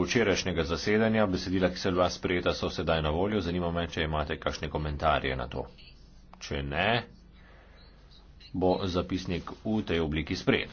zaključku včerajšnjega zasedanja, besedila, ki se dva sprejeta, so sedaj na voljo. Zanima me, če imate kakšne komentarje na to. Če ne, bo zapisnik v tej obliki sprejet.